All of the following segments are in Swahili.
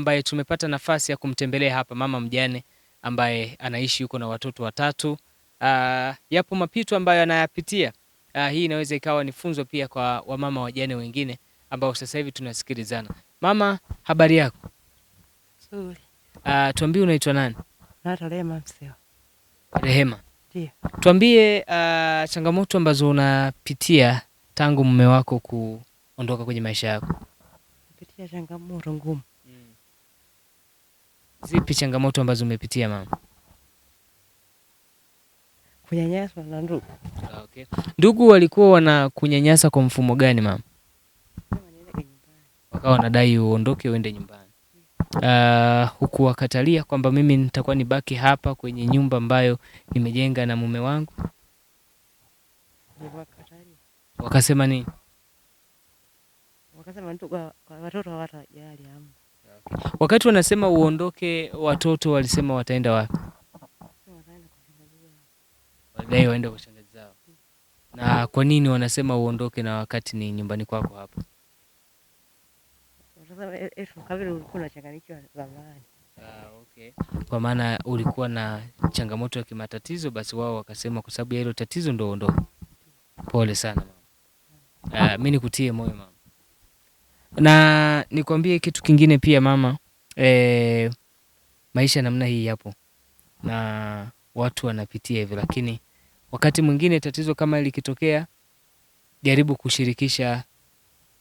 ambaye tumepata nafasi ya kumtembelea hapa, mama mjane ambaye anaishi huko na watoto watatu. Uh, yapo mapito ambayo anayapitia. Uh, hii inaweza ikawa ni funzo pia kwa wamama wajane wengine ambao sasa hivi tunasikilizana. Mama, habari yako? Nzuri. Uh, tuambie unaitwa nani? Rehema Mseo. Rehema. Ndiyo. Tuambie uh, changamoto ambazo unapitia tangu mume wako kuondoka kwenye maisha yako. Napitia changamoto ngumu. Zipi changamoto ambazo umepitia mama? Kunyanyaswa na ndugu. Okay. Ndugu walikuwa wanakunyanyasa kwa mfumo gani mama? Wakawa wanadai uondoke uende nyumbani. Uh, ah, huku wakatalia kwamba mimi nitakuwa nibaki hapa kwenye nyumba ambayo nimejenga na mume wangu. Wakasema nini? Wakasema watoto hawatajali. Wakati wanasema uondoke, watoto walisema wataenda wapi? Walidai waende kwa shangazi zao. Na kwa nini wanasema uondoke na wakati ni nyumbani kwako hapo? Ah, okay. Kwa maana ulikuwa na changamoto ya kimatatizo, basi wao wakasema kwa sababu ya hilo tatizo ndo uondoke. Pole sana mama. Ah, mimi nikutie moyo mama. Na nikwambie kitu kingine pia mama, e, maisha namna hii yapo na watu wanapitia hivyo, lakini wakati mwingine tatizo kama likitokea, jaribu kushirikisha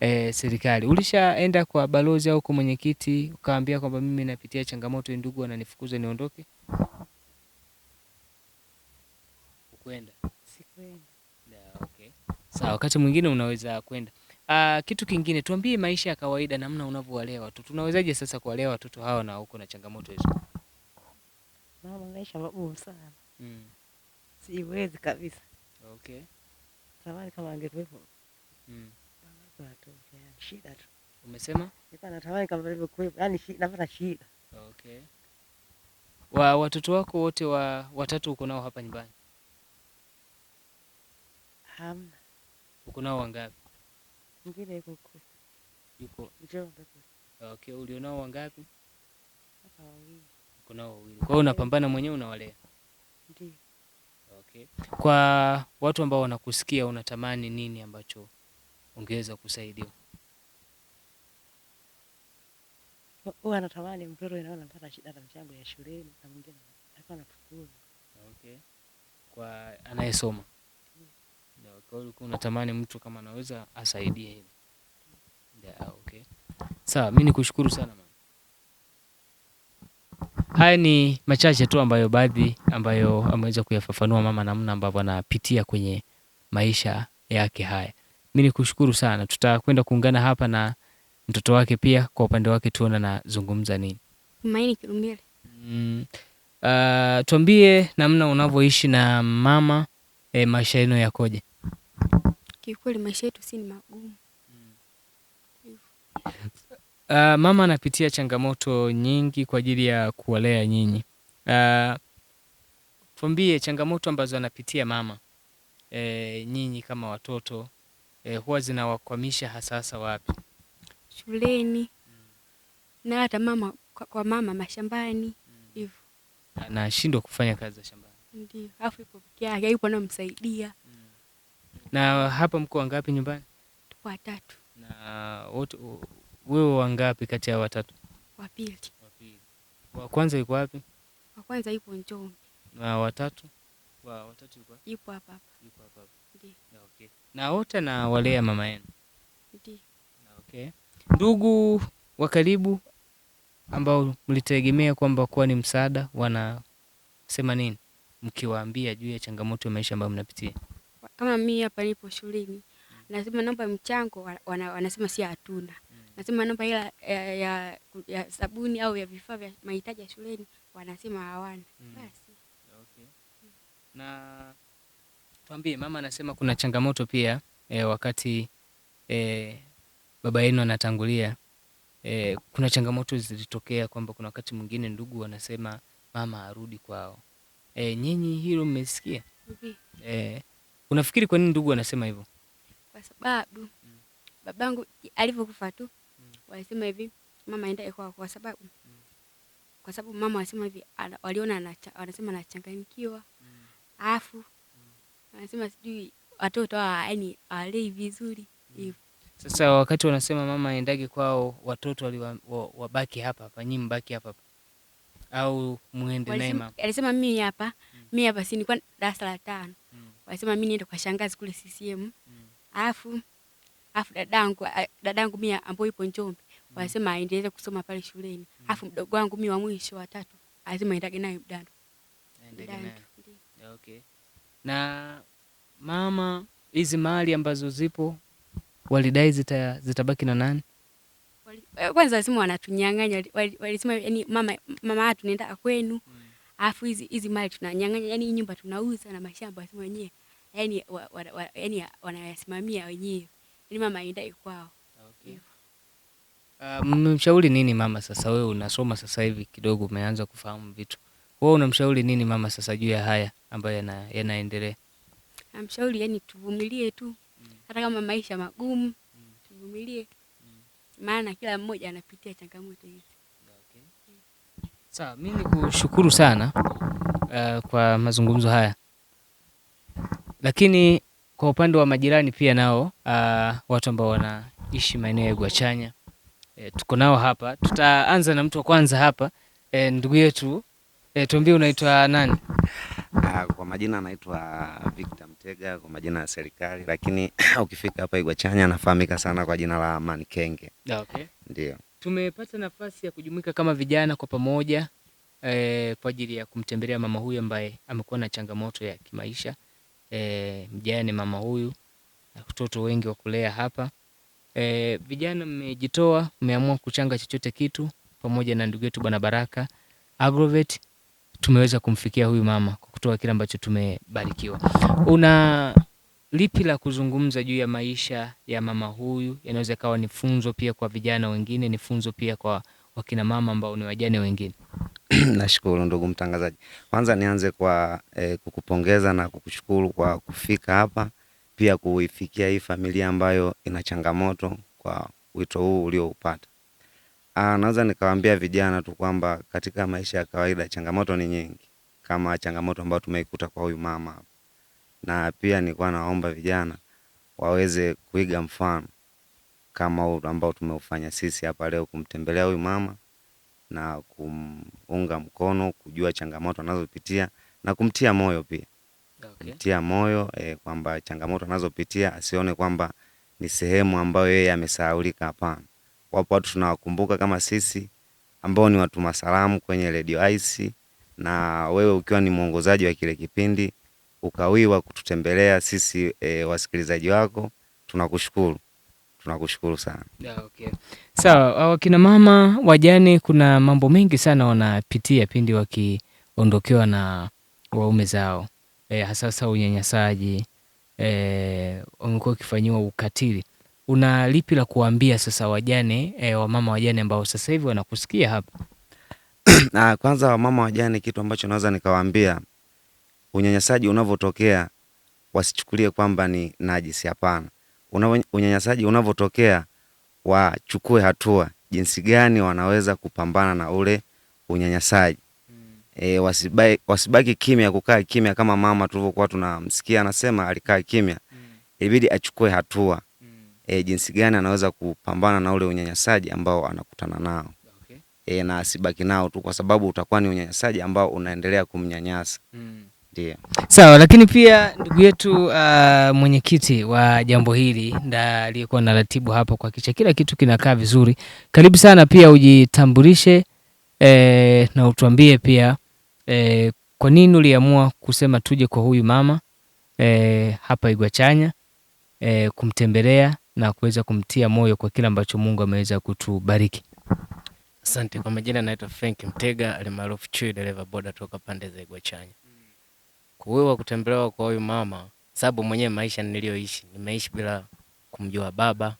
e, serikali. Ulishaenda kwa balozi au kwa mwenyekiti ukaambia kwamba mimi napitia changamoto, ndugu wananifukuza niondoke? Ukwenda? Sikwenda. Okay. Sawa, wakati mwingine unaweza kwenda Uh, kitu kingine tuambie, maisha ya kawaida, namna unavyowalea watoto, tunawezaje sasa kuwalea watoto hawa na huko na changamoto hizo? Mama, maisha magumu sana. Mm. Siwezi kabisa. Okay. Tamani kama angekuwepo. Mm. Shida tu. Umesema? Nilikuwa natamani kama angekuwepo, Yaani napata shida. Okay. Wa watoto wako wote wa watatu uko nao hapa nyumbani? Hamna. Uko nao wangapi? Mwingine yuko Mkusi. Yuko Njombe ndio. Okay, ulionao wangapi? Hapa wawili. Uko nao wawili. Kwa hiyo unapambana mwenyewe unawalea? Ndio. Okay. Kwa watu ambao wanakusikia unatamani nini ambacho ungeweza kusaidia? Huwa anatamani mtoto inaona mpaka shida na mchango ya shuleni na mwingine alikuwa anafukuzwa. Okay. Kwa anayesoma ndio, kwa hiyo ulikuwa unatamani mtu kama anaweza asaidie hivi. Yeah, okay. Sawa, mimi nikushukuru sana. Haya ni machache tu ambayo baadhi ambayo ameweza kuyafafanua mama namna ambavyo anapitia kwenye maisha yake haya. Mimi nikushukuru sana. Tutakwenda kuungana hapa na mtoto wake pia kwa upande wake tuona anazungumza nini. Tumaini Kirumbile. Mm. Uh, tuambie namna unavyoishi na mama, eh, maisha yenu yakoje? kiukweli maisha yetu si ni magumu. Mm. Uh, mama anapitia changamoto nyingi kwa ajili ya kuwalea nyinyi. Uh, tuambie changamoto ambazo anapitia mama e, nyinyi kama watoto e, huwa zinawakwamisha hasahasa wapi? Shuleni. hmm. na hata mama kwa, kwa mama mashambani hivyo. hmm. anashindwa kufanya kazi za shambani. Ndio, afu ipo peke yake, hayupo anamsaidia na hapa mko wangapi nyumbani? Tuko watatu. Na wote wewe wangapi kati ya watatu? Wa pili. Wa pili. Wa kwanza yuko wapi? Wa kwanza yuko Njombe. Na watatu? Wa watatu yuko? Yupo hapa hapa. Yupo hapa hapa. Ndio. Okay. Na wote na walea mama yenu? Ndiyo. Okay. Ndugu wa karibu ambao mlitegemea kwamba kuwa ni msaada wanasema nini mkiwaambia juu ya changamoto ya maisha ambayo mnapitia? kama mimi hapa nipo shuleni mm. nasema naomba mchango, wana, wanasema si hatuna. Mm. Nasema naomba hela ya, eh, ya, ya sabuni au ya vifaa vya mahitaji ya shuleni, wanasema hawana. Mm. Basi okay. Na tuambie, mama anasema kuna changamoto pia e, wakati e, baba yenu anatangulia e, kuna changamoto zilitokea kwamba kuna wakati mwingine ndugu wanasema mama arudi kwao. E, nyinyi hilo mmesikia? E, Unafikiri kwa nini ndugu anasema hivyo? Kwa sababu mm. babangu alivyokufa tu mm. walisema hivi mama aenda kwa kwa sababu mm. kwa sababu mama walisema hivi ala, waliona anacha, wanasema anachanganyikiwa mm. afu mm. wanasema sijui watoto wa yani awalei vizuri hivyo mm. Sasa wakati wanasema mama aendage kwao watoto wabaki wa, wa hapa hapa, nyinyi mbaki hapa hapa au muende naye mama? Alisema mimi hapa mimi hapa si nilikuwa darasa la tano Wasema mi niende kwa shangazi kule CCM. Mm. Alafu alafu dadangu dadangu mi ambaye ipo Njombe mm. wasema aendelee kusoma pale shuleni. Mm. Alafu mdogo wangu mi wa mwisho wa lazima aendage naye Mdandu. Okay. Na mama, hizi mali ambazo zipo walidai zita, zitabaki na nani? Eh, kwanza wasema wanatunyang'anya, walisema yani mama mama tunaenda kwenu. Mm. Alafu hizi hizi mali tunanyang'anya, yani hii nyumba tunauza na mashamba sisi wenyewe. Yani wa, wa, wa, yani wanayasimamia wenyewe. yani mama aendai kwao. Okay. Uh, mmemshauri nini mama sasa? Wewe unasoma sasa hivi kidogo umeanza kufahamu vitu. Wewe unamshauri nini mama sasa juu ya haya ambayo yana yanaendelea? Namshauri yani tuvumilie tu. mm. Hata kama maisha magumu, mm. tuvumilie. mm. Maana kila mmoja anapitia changamoto hizi. Sawa, mi ni kushukuru sana uh, kwa mazungumzo haya, lakini kwa upande wa majirani pia nao uh, watu ambao wanaishi maeneo ya Gwachanya e, tuko nao hapa. Tutaanza na mtu wa kwanza hapa e, ndugu yetu e, tuambie unaitwa nani? Uh, kwa majina anaitwa Victor Mtega kwa majina ya serikali, lakini ukifika hapa Igwachanya anafahamika sana kwa jina la Manikenge. Ah, okay. Ndio. Tumepata nafasi ya kujumuika kama vijana kwa pamoja eh, kwa ajili ya kumtembelea mama huyu ambaye amekuwa na changamoto ya kimaisha eh, mjane mama huyu na watoto wengi wa kulea hapa eh, vijana mmejitoa, mmeamua kuchanga chochote kitu pamoja na ndugu yetu Bwana Baraka Agrovet tumeweza kumfikia huyu mama kwa kutoa kile ambacho tumebarikiwa. Una lipi la kuzungumza juu ya maisha ya mama huyu? Yanaweza ikawa ni funzo pia kwa vijana wengine, ni funzo pia kwa wakina mama ambao ni wajane wengine. Nashukuru ndugu mtangazaji, kwanza nianze kwa eh, kukupongeza na kukushukuru kwa kufika hapa, pia kuifikia hii familia ambayo ina changamoto kwa wito huu ulioupata. Ah, naweza nikawaambia vijana tu kwamba katika maisha ya kawaida changamoto ni nyingi, kama changamoto ambayo tumeikuta kwa huyu mama hapa na pia nilikuwa naomba vijana waweze kuiga mfano kama huu ambao tumeufanya sisi hapa leo, kumtembelea huyu mama na kumunga mkono, kujua changamoto anazopitia na kumtia moyo pia okay. Mtia moyo e, kwamba changamoto anazopitia asione kwamba ni sehemu ambayo yeye amesahaulika. Hapana, wapo watu tunawakumbuka kama sisi ambao ni watuma salamu kwenye Radio Ice, na wewe ukiwa ni mwongozaji wa kile kipindi ukawiwa kututembelea sisi e, wasikilizaji wako. Tunakushukuru, tunakushukuru sana. Yeah, okay. Sawa. So, wakina mama wajane, kuna mambo mengi sana wanapitia pindi wakiondokewa na waume zao e, hasasa unyanyasaji e, wamekuwa wakifanyiwa ukatili. Una lipi la kuwambia sasa wajane e, wamama wajane ambao sasa hivi wanakusikia hapa? Ah, kwanza wamama wajane, kitu ambacho naweza nikawaambia unyanyasaji unavyotokea wasichukulie kwamba ni najisi, hapana. Unyanyasaji unavyotokea wachukue hatua jinsi gani wanaweza kupambana na ule unyanyasaji. Hmm. E, wasibaki, wasibaki kimya, kukaa kimya kama mama tulivyokuwa tunamsikia anasema alikaa kimya hmm. Ibidi achukue hatua hmm. E, jinsi gani anaweza kupambana na ule unyanyasaji ambao anakutana nao E, na asibaki nao tu, kwa sababu utakuwa ni unyanyasaji ambao unaendelea kumnyanyasa mm. Ndio. Sawa, lakini pia ndugu yetu uh, mwenyekiti wa jambo hili na aliyekuwa na ratibu hapo kuhakikisha kila kitu kinakaa vizuri, karibu sana pia ujitambulishe eh, na utuambie pia eh, kwa nini uliamua kusema tuje kwa huyu mama eh, hapa Igwachanya eh, kumtembelea na kuweza kumtia moyo kwa kile ambacho Mungu ameweza kutubariki. Asante. Kwa majina naitwa Frank Mtega alimaarufu Chui, dereva boda toka pande za Igwachanya. Kuwiwa kutembelewa kwa huyu mama, sababu mwenyewe maisha niliyoishi nimeishi bila kumjua baba.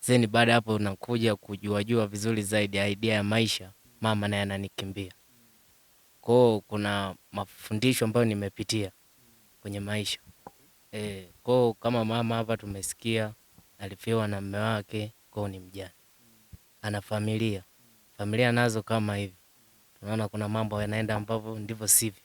Zeni baada hapo nakuja kujuajua vizuri zaidi idea ya maisha, mama naye ananikimbia kwao. Kuna mafundisho ambayo nimepitia kwenye maisha e, kwao kama mama hapa tumesikia alifiwa na mme wake, kwao ni mjane, ana familia familia nazo kama hivi, tunaona kuna mambo yanaenda ambavyo ndivyo sivyo.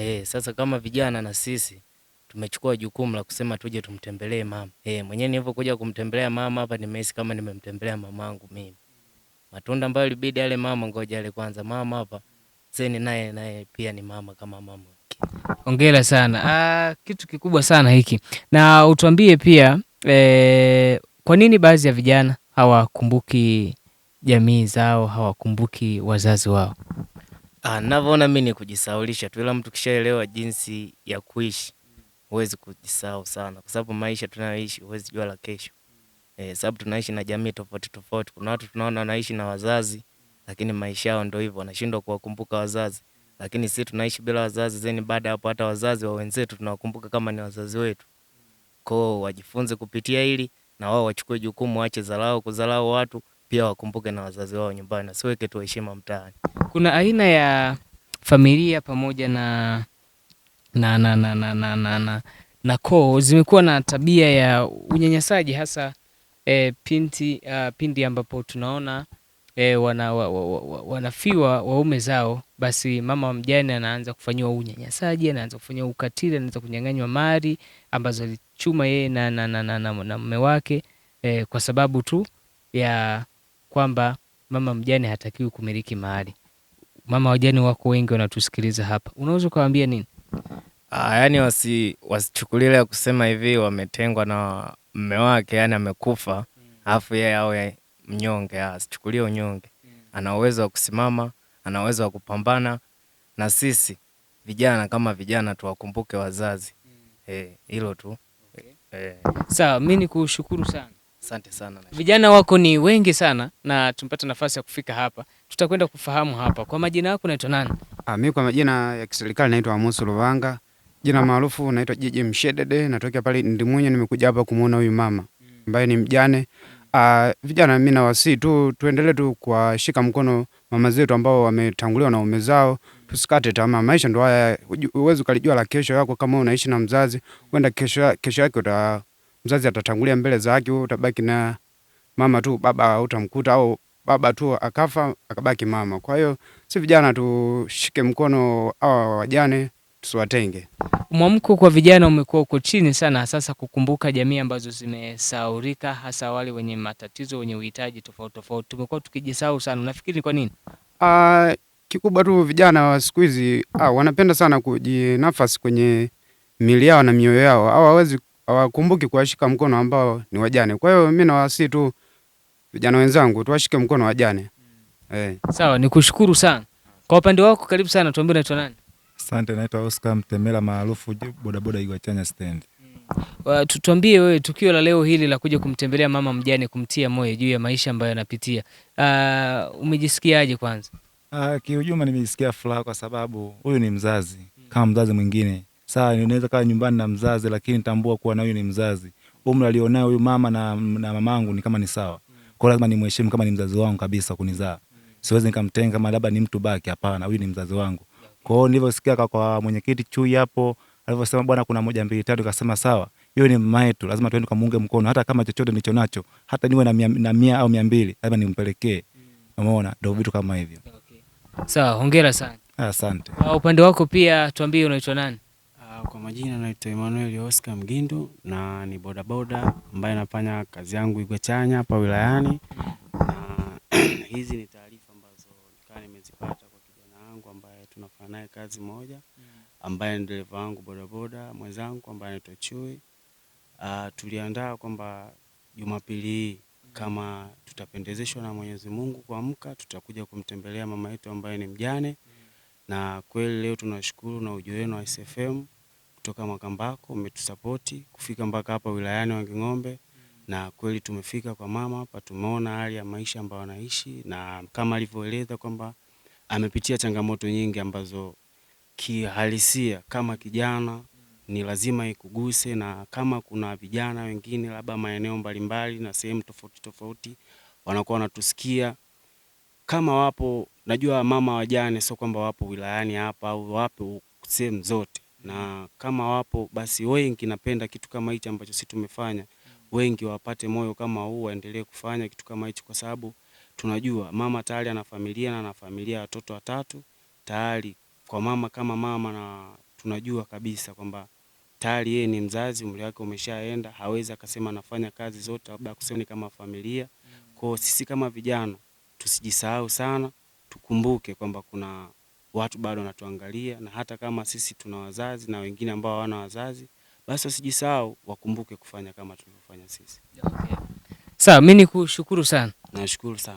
Eh, sasa kama vijana na sisi tumechukua jukumu la kusema tuje tumtembelee mama. E, mwenyewe nilivyokuja kumtembelea mama hapa nimehisi kama nimemtembelea mamangu mimi. Matunda ambayo ilibidi ale mama, ngoja yale kwanza mama hapa. Zeni naye naye pia ni mama kama mama. Hongera sana. Ah, kitu kikubwa sana hiki na utuambie pia eh, kwa nini baadhi ya vijana hawakumbuki jamii zao, hawakumbuki wazazi wao? Ah, mi ni kujisaulisha tu, ila mtu kishaelewa jinsi ya kuishi huwezi kujisahau sana, kwa sababu maisha tunayoishi huwezi jua la kesho e, sababu tunaishi na jamii tofauti tofauti. Kuna watu tunaona wanaishi na wazazi, lakini maisha yao ndio hivyo, wanashindwa kuwakumbuka wazazi, lakini sisi tunaishi bila wazazi zeni, baada ya hapo hata wazazi wa wenzetu tunawakumbuka kama ni wazazi wetu. Kwao wajifunze kupitia hili, na wao wachukue jukumu, wache dharau, kudharau watu pia wakumbuke na wazazi wao nyumbani, wasiweke tu heshima mtaani. Kuna aina ya familia pamoja na na na na na na, na, na, na koo zimekuwa na tabia ya unyanyasaji hasa e, pinti, uh, pindi ambapo tunaona e, wana, wa, wa, wa, wanafiwa waume zao, basi mama mjane anaanza kufanyiwa unyanyasaji, anaanza kufanyiwa ukatili, anaanza kunyang'anywa mali ambazo alichuma yeye na mume na, na, na, na, na, na wake e, kwa sababu tu ya kwamba mama mjane hatakiwi kumiliki mahali. Mama wajane wako wengi wanatusikiliza hapa, unaweza ukawaambia nini? Aa, ah, yani wasi wasichukulie ya kusema hivi wametengwa na mme wake, yani amekufa alafu yeye awe mnyonge. Ah, asichukulie unyonge, ana uwezo wa kusimama, ana uwezo wa kupambana. Na sisi vijana kama vijana tuwakumbuke wazazi hmm. eh, hilo. Mm. Hey, tu. Okay. Hey. Eh. Sawa, mi ni kushukuru sana. Asante sana. Vijana wako ni wengi sana na tumepata nafasi ya kufika hapa, tutakwenda kufahamu hapa. Kwa majina yako unaitwa nani? Ah, mimi kwa majina ya kiserikali naitwa Amos Luvanga, jina maarufu naitwa Jiji Mshedede, natokea pale Ndimunye. Nimekuja hapa kumuona huyu mama ambaye ni mjane. Ah, vijana mimi nawasii tu tuendelee tu kuwashika mkono mama zetu ambao wametanguliwa na ume zao, tusikate tamaa. Maisha ndo haya, huwezi ukalijua la kesho yako. Kama unaishi na mzazi, huenda kesho kesho yake uta mzazi atatangulia mbele za wake wewe utabaki na mama tu, baba utamkuta au baba tu akafa akabaki mama. Kwa hiyo si vijana tushike mkono hawa wajane, tusiwatenge. Mwamko kwa vijana umekuwa uko chini sana, sasa kukumbuka jamii ambazo zimesaurika, hasa wale wenye matatizo, wenye uhitaji tofauti tofauti, tumekuwa tukijisahau sana. Unafikiri kwa nini? Uh, kikubwa tu vijana wa siku hizi ah, wanapenda sana kujinafasi kwenye mili yao na mioyo yao, hawawezi hawakumbuki kuwashika mkono ambao ni wajane. Kwa hiyo mi nawasi tu vijana wenzangu tuwashike mkono wajane. Mm. Eh. Sawa, ni kushukuru sana kwa upande wako. Karibu sana, tuambie unaitwa nani? Asante, naitwa Oscar Mtemela maarufu bodaboda Iwachanya stand. Mm. Tuambie wewe tukio la leo hili la kuja kumtembelea mama mjane kumtia moyo juu ya maisha ambayo anapitia. Uh, umejisikiaje kwanza? Uh, ah, kiujuma nimejisikia furaha kwa sababu huyu ni mzazi mm, kama mzazi mwingine sawa, inaweza kaa nyumbani na mzazi, lakini tambua kuwa na huyu ni mzazi, umri alionayo huyu mama na, na mamangu ni kama ni sawa kwao, lazima nimheshimu kama ni mzazi wangu kabisa kunizaa. Siwezi nikamtenga kama labda ni mtu baki, hapana, huyu ni mzazi wangu. Kwa hiyo nilivyosikia kwa mwenyekiti Chui hapo alivyosema, bwana, kuna moja mbili tatu, kasema sawa, hiyo ni mama yetu, lazima tuende kumuunge mkono, hata kama chochote nilicho nacho, hata niwe na mia, na mia au mia mbili lazima nimpelekee. Umeona, ndio vitu kama hivyo. Sawa, hongera sana. Asante. Kwa ah, upande wako pia tuambie unaitwa nani? Kwa majina naitwa Emmanuel Oscar Mgindu na ni bodaboda ambaye nafanya kazi yangu Chanya hapa wilayani. Na hizi ni taarifa ambazo nikawa nimezipata kwa kijana wangu ambaye tunafanya naye kazi moja ambaye ni dereva wangu bodaboda mwenzangu ambaye anaitwa Chui. Uh, tuliandaa kwamba Jumapili hii kama tutapendezeshwa na Mwenyezi Mungu kuamka, tutakuja kumtembelea mama yetu ambaye ni mjane, na kweli leo tunashukuru na ujio wenu wa SFM kutoka Makambako umetusapoti kufika mpaka hapa wilayani Wanging'ombe, mm. na kweli tumefika kwa mama hapa, tumeona hali ya maisha ambayo anaishi, na kama alivyoeleza kwamba amepitia changamoto nyingi ambazo kihalisia kama kijana mm. ni lazima ikuguse, na kama kuna vijana wengine labda maeneo mbalimbali na sehemu tofauti tofauti wanakuwa wanatusikia kama wapo, najua mama wajane, sio kwamba wapo wilayani hapa au wapo sehemu zote, na kama wapo basi wengi, napenda kitu kama hichi ambacho sisi tumefanya, wengi wapate moyo kama huu, waendelee kufanya kitu kama hichi, kwa sababu tunajua mama tayari ana familia na ana familia watoto watatu tayari, kwa mama kama mama, na tunajua kabisa kwamba tayari yeye ni mzazi, umri wake umeshaenda, hawezi akasema anafanya kazi zote, labda ni kama familia. Mm. kwao sisi kama vijana tusijisahau sana, tukumbuke kwamba kuna watu bado wanatuangalia, na hata kama sisi tuna wazazi na wengine ambao hawana wazazi, basi wasijisahau, wakumbuke kufanya kama tulivyofanya sisi. Sawa, mimi nikushukuru sana. Nashukuru sana.